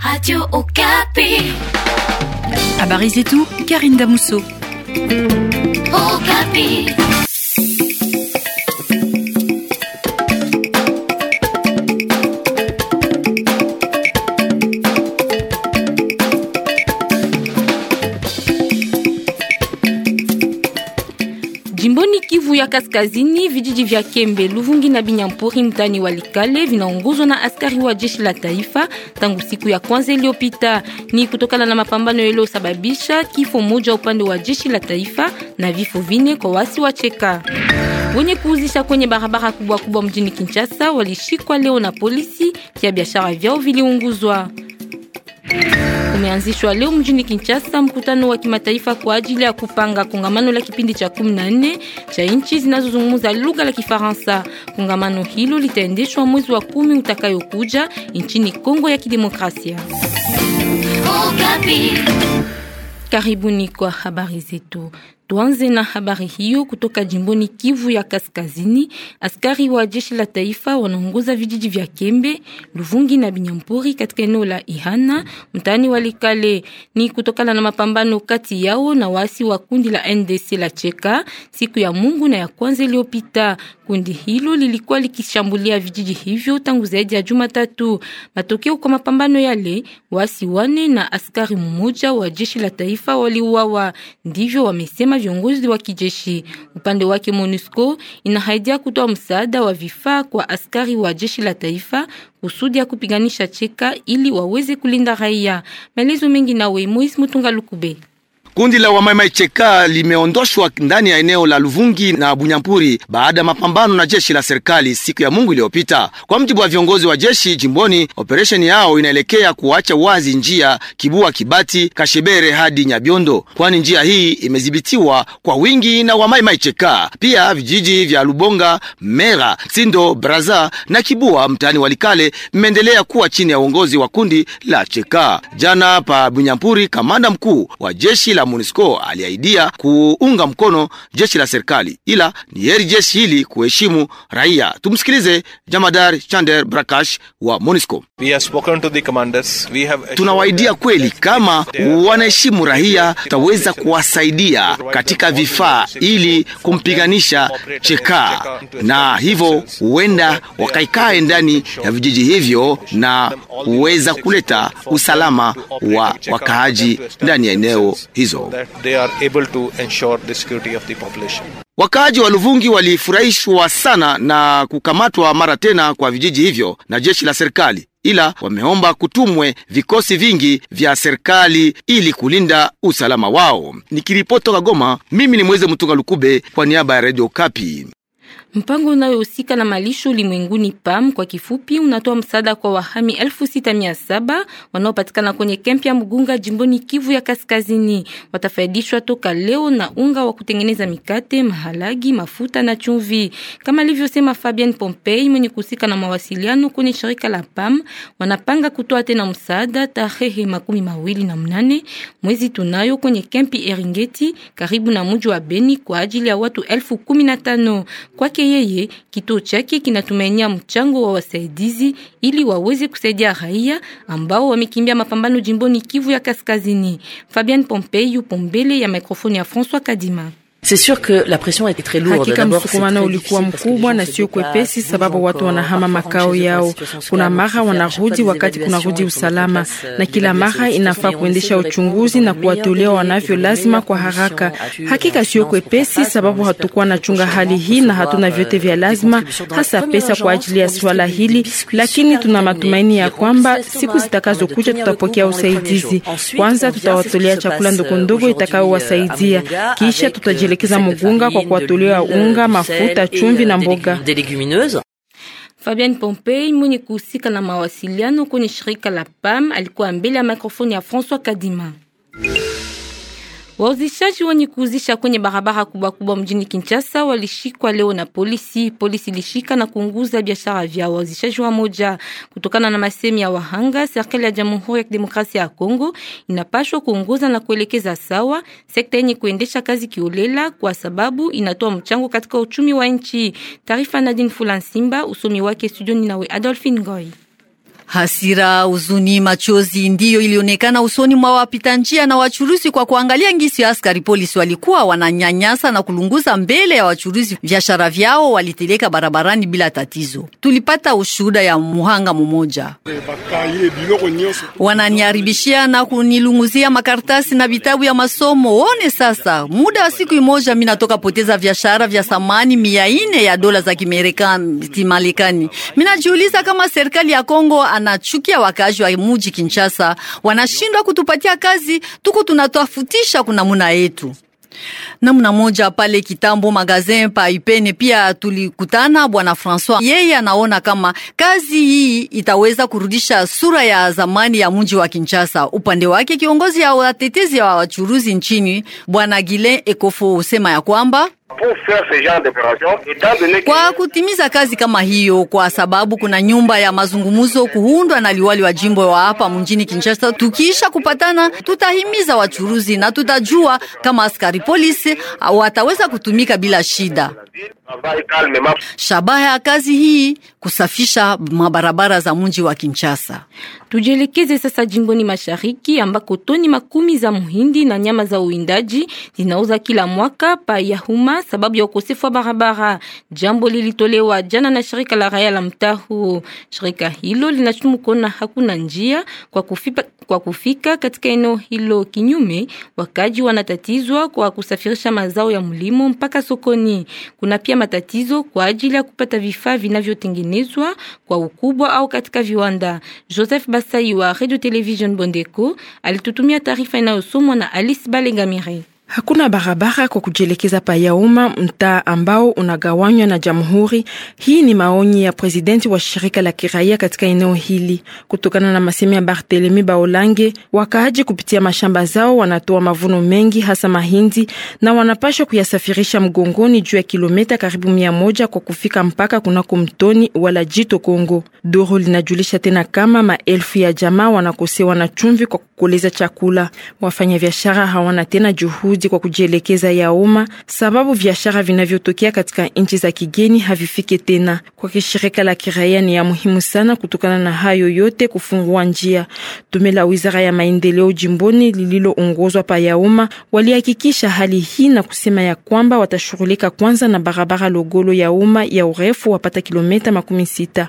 Radio Okapi. À Paris, et tout. Karine Damousseau. Capi Jimboni Kivu ya Kaskazini, vijiji vya Kembe, Luvungi na Binyampuri mtani wa Likale vinaongozwa na askari wa jeshi la taifa tangu siku ya kwanza iliyopita. Ni kutokana na mapambano yaliyosababisha kifo moja upande wa jeshi la taifa na vifo vine kwa wasi wa Cheka. Wenye kuuzisha kwenye barabara kubwa kubwa mjini Kinshasa walishikwa leo na polisi, kia biashara vyao viliunguzwa. Umeanzishwa leo mjini Kinshasa mkutano wa kimataifa kwa ajili ya kupanga kongamano la kipindi cha 14 cha nchi zinazozungumza lugha la Kifaransa. Kongamano hilo litaendeshwa mwezi wa kumi utakayokuja nchini Kongo ya Kidemokrasia. Karibuni kwa habari zetu. Tuanze na habari hiyo kutoka jimboni Kivu ya Kaskazini. Askari wa jeshi la taifa wanaongoza vijiji vya Kembe, Luvungi na Binyampuri katika eneo la Ihana mtaani Walikale. Ni kutokana na mapambano kati yao na waasi wa kundi la NDC la Cheka siku ya Mungu na ya kwanza iliyopita. Kundi hilo lilikuwa likishambulia vijiji hivyo tangu zaidi ya Jumatatu. Matokeo kwa mapambano yale, waasi wane na askari mmoja wa jeshi la taifa waliuawa, ndivyo wamesema viongozi wa kijeshi. Upande wake, MONUSCO inahaidia kutoa msaada wa vifaa kwa askari wa jeshi la taifa kusudi ya kupiganisha Cheka ili waweze kulinda raia. Maelezo mengi nawe Moise Mutunga Lukube. Kundi la Wamaimai Cheka limeondoshwa ndani ya eneo la Luvungi na Bunyampuri baada ya mapambano na jeshi la serikali siku ya Mungu iliyopita. Kwa mjibu wa viongozi wa jeshi jimboni, operesheni yao inaelekea kuacha wazi njia Kibua Kibati, Kashebere hadi Nyabiondo, kwani njia hii imedhibitiwa kwa wingi na mai Cheka. Pia vijiji vya Lubonga, Mera, Sindo, Braza na Kibua mtaani Walikale imeendelea kuwa chini ya uongozi wa kundi la Cheka. Jana pa Bunyampuri, kamanda mkuu wa jeshi la MONUSCO aliahidia kuunga mkono jeshi la serikali, ila ni heri jeshi hili kuheshimu raia. Tumsikilize Jamadar Chander Brakash wa MONUSCO. Tunawaidia kweli, kama wanaheshimu raia, tutaweza kuwasaidia katika vifaa ili kumpiganisha Cheka, na hivyo huenda wakaikae ndani ya vijiji hivyo na kuweza kuleta usalama wa wakaaji ndani ya eneo hizo hizo. Wakaaji wa Luvungi walifurahishwa sana na kukamatwa mara tena kwa vijiji hivyo na jeshi la serikali, ila wameomba kutumwe vikosi vingi vya serikali ili kulinda usalama wao. Nikiripoti toka Goma, mimi ni Mweze Mtunga Lukube kwa niaba ya Radio Kapi. Mpango unayohusika na malisho ulimwenguni PAM kwa kifupi unatoa msaada kwa wahami 6700 wanaopatikana kwenye kempi ya Mgunga jimboni Kivu ya Kaskazini. Watafaidishwa toka leo na unga wa kutengeneza mikate, mahalagi, mafuta na chumvi. Kama alivyosema Fabian Pompei mwenye kuhusika na mawasiliano kwenye shirika la PAM, wanapanga kutoa tena msaada tarehe makumi mawili na mnane mwezi tunayo kwenye kempi Eringeti karibu na mji wa Beni kwa ajili ya watu 1015 kwake yeye, kituo chake kinatumainia mchango wa wasaidizi ili waweze kusaidia raia ambao wamekimbia mapambano jimboni Kivu ya Kaskazini. Fabian Pompeo yupo mbele ya mikrofoni ya François Kadima. C'est sûr que la pression été très lourde. Hakika msukumano ulikuwa mkubwa na sio kwepesi, sababu watu wanahama makao yao. Kuna mara wanarudi wakati rudi usalama, na euh, kila mara inafaa kuendesha uchunguzi na kuwatolea wanavyo lazima kwa haraka. Hakika sio kwepesi, sababu hatukuwa na chunga hali hii na hatuna vyote vya lazima, hasa pesa kwa ajili ya swala hili, lakini tuna matumaini ya kwamba siku zitakazokuja tutapokea usaidizi. Kwanza tutawatolea chakula ndogo ndogo itakayowasaidia, kisha tutaj kujielekeza Mugunga kwa kuwatolea unga, euh, mafuta, chumvi euh, na mboga. Fabian Pompei mwenye kuhusika na mawasiliano kwenye shirika la PAM alikuwa mbele ya mikrofoni ya François Kadima. Wauzishaji wenye kuuzisha kwenye barabara kubwa kubwa mjini Kinshasa walishikwa leo na polisi. Polisi ilishika na kuunguza biashara vya wauzishaji wa moja. Kutokana na masemi ya wahanga, serikali ya Jamhuri ya Kidemokrasia ya Kongo inapashwa kuunguza na kuelekeza sawa sekta yenye kuendesha kazi kiolela, kwa sababu inatoa mchango katika uchumi wa nchi. Taarifa Nadine simba usomi wake studioni nawe Adolphine Ngoy. Hasira, huzuni, machozi ndiyo ilionekana usoni mwa wapita njia na wachuruzi kwa kuangalia ngisi ya askari polisi walikuwa wananyanyasa na kulunguza mbele ya wachuruzi biashara vyao waliteleka barabarani bila tatizo. Tulipata ushuhuda ya muhanga mmoja. Wananiharibishia na kunilunguzia makaratasi na vitabu ya masomo. One sasa, muda wa siku imoja mimi natoka poteza biashara vya samani mia ine ya dola za Kimarekani. Minajiuliza kama serikali ya Kongo anachukia wakaaji wa muji Kinshasa, wanashindwa kutupatia kazi, tuko tunatafutisha kunamuna yetu namna moja pale kitambo magazin pa Ipene pia tulikutana bwana Francois, yeye anaona kama kazi hii itaweza kurudisha sura ya zamani ya mji wa Kinshasa. Upande wake kiongozi ya watetezi ya wachuruzi nchini bwana Gile Ekofo usema ya kwamba kwa kutimiza kazi kama hiyo, kwa sababu kuna nyumba ya mazungumzo kuundwa na liwali wa jimbo wa hapa mjini Kinshasa. Tukiisha kupatana, tutahimiza wachuruzi na tutajua kama askari polisi wataweza kutumika bila shida. Shabaha ya kazi hii kusafisha mabarabara za mji wa Kinshasa. Tujielekeze sasa jimboni mashariki ambako toni makumi za muhindi na nyama za uwindaji zinauza kila mwaka pa Yahuma sababu ya ukosefu wa barabara. Jambo lilitolewa jana na shirika la raia la mtaa huo. Shirika hilo linashutumu kuona hakuna njia kwa kufika, kwa kufika katika eneo hilo, kinyume wakaji wanatatizwa kwa kusafirisha mazao ya mlimo mpaka sokoni. Kuna pia matatizo kwa ajili ya kupata vifaa vinavyotengenezwa kwa ukubwa au katika viwanda. Joseph Basai wa Radio Television Bondeko alitutumia taarifa inayosomwa na Alice Balengamire. Hakuna barabara kwa kujielekeza Payauma, mtaa ambao unagawanywa na jamhuri. Hii ni maoni ya presidenti wa shirika la kiraia katika eneo hili. Kutokana na masemi ya Barthelemy Baolange, wakaaji kupitia mashamba zao wanatoa mavuno mengi, hasa mahindi, na wanapashwa kuyasafirisha mgongoni juu ya kilometa karibu mia moja kwa kufika mpaka kunako mtoni wala jito Kongo. Duru linajulisha tena kama maelfu ya jamaa wanakosewa na chumvi kwa kukoleza chakula. Wafanyabiashara hawana tena juhudi kurudi kwa kujielekeza ya umma, sababu biashara vinavyotokea katika nchi za kigeni havifike tena. Kwa kishirika la kiraia ni ya muhimu sana kutokana na hayo yote kufungua njia. Tume la wizara ya maendeleo jimboni lililoongozwa pa ya umma walihakikisha hali hii na kusema ya kwamba watashughulika kwanza na barabara Logolo ya umma ya urefu wapata kilomita makumi sita.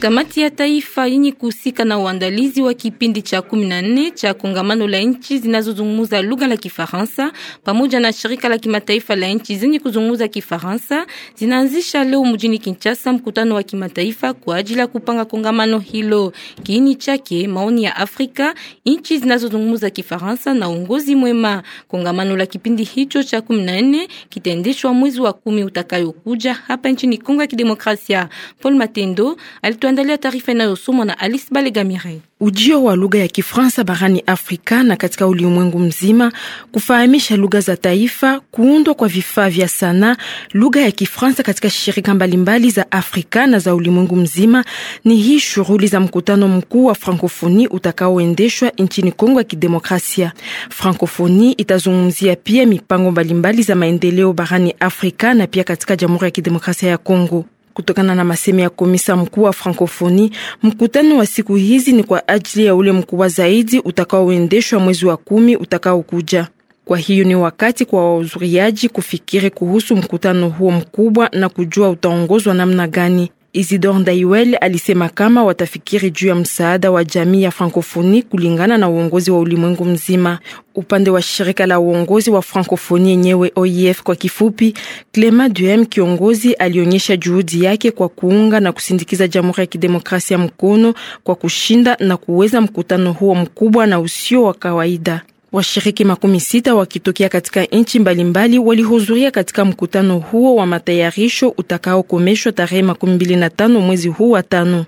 Kamati ya taifa yenye kuhusika na uandalizi wa kipindi cha 14 cha kongamano la nchi zinazozungumza lugha la Kifaransa pamoja na shirika la kimataifa la nchi zenye kuzungumza Kifaransa zinaanzisha leo mjini Kinshasa mkutano wa kimataifa kwa ajili ya kupanga kongamano hilo. Kiini chake maoni ya Afrika, nchi zinazozungumza Kifaransa na uongozi mwema. Kongamano la kipindi hicho cha 14 kitaendeshwa mwezi wa kumi utakayokuja hapa nchini Kongo ya Kidemokrasia. Paul Matendo alitoa Tuandalia taarifa inayosomwa na Alice Balegamire. Ujio wa lugha ya Kifaransa barani Afrika na katika ulimwengu mzima, kufahamisha lugha za taifa, kuundwa kwa vifaa vya sanaa lugha ya Kifaransa katika shirika mbalimbali za Afrika na za ulimwengu mzima, ni hii shughuli za mkutano mkuu wa Frankofoni utakaoendeshwa nchini Kongo ya Kidemokrasia. Frankofoni itazungumzia pia mipango mbalimbali za maendeleo barani Afrika na pia katika Jamhuri ya Kidemokrasia ya Kongo kutokana na masemi ya komisa mkuu wa Frankofoni, mkutano wa siku hizi ni kwa ajili ya ule mkubwa zaidi utakaoendeshwa mwezi wa kumi utakaokuja. Kwa hiyo ni wakati kwa wahudhuriaji kufikiri kuhusu mkutano huo mkubwa na kujua utaongozwa namna gani. Isidore Ndaiwel alisema kama watafikiri juu ya msaada wa jamii ya Frankofoni kulingana na uongozi wa ulimwengu mzima. Upande wa shirika la uongozi wa Frankofoni yenyewe OIF kwa kifupi, Clema Duhem, kiongozi, alionyesha juhudi yake kwa kuunga na kusindikiza Jamhuri ya Kidemokrasia mkono kwa kushinda na kuweza mkutano huo mkubwa na usio wa kawaida. Washiriki makumi sita wakitokea katika nchi mbalimbali walihudhuria katika mkutano huo wa matayarisho utakaokomeshwa tarehe makumi mbili na tano mwezi huu wa tano.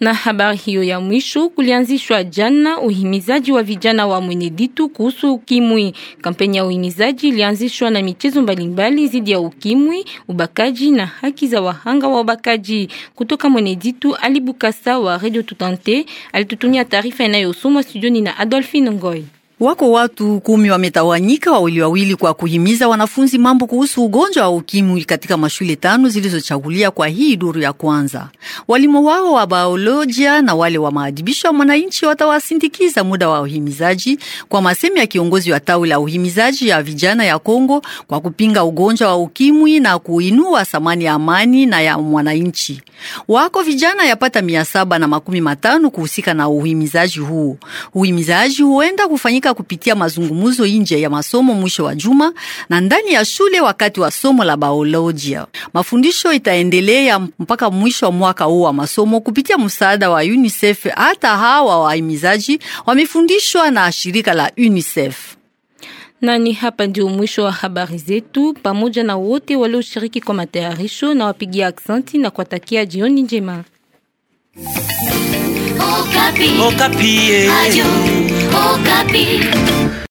Na habari hiyo ya mwisho, kulianzishwa jana uhimizaji wa vijana wa Mweneditu kuhusu ukimwi. Kampeni ya uhimizaji ilianzishwa na michezo mbalimbali dhidi ya ukimwi, ubakaji na haki za wahanga wa ubakaji. Kutoka Mweneditu, Ali Bukasa wa Radio Tutante alitutumia taarifa inayosomwa studioni na Adolphine Ngoy. Wako watu kumi wametawanyika wawili wawili kwa kuhimiza wanafunzi mambo kuhusu ugonjwa wa ukimwi katika mashule tano zilizochagulia kwa hii duru ya kwanza. Walimu wao wa biolojia na wale wa maadibisho ya mwananchi watawasindikiza muda wa uhimizaji, kwa masemi ya kiongozi wa tawi la uhimizaji ya vijana ya Kongo kwa kupinga ugonjwa wa ukimwi na kuinua thamani ya amani na ya mwananchi. Wako vijana yapata mia saba na makumi matano kuhusika na uhimizaji huo. Uhimizaji huenda kufanyika kujifunza kupitia mazungumzo nje ya masomo mwisho wa juma na ndani ya shule wakati wa somo la biolojia. Mafundisho itaendelea mpaka mwisho wa mwaka huu wa masomo kupitia msaada wa UNICEF. Hata hawa wahimizaji wamefundishwa na shirika la UNICEF. Nani hapa ndio mwisho wa habari zetu, pamoja na wote walioshiriki kwa matayarisho na wapigia aksanti na kuwatakia jioni njema. Okapi. Okapi. Eh. Oh, Okapi.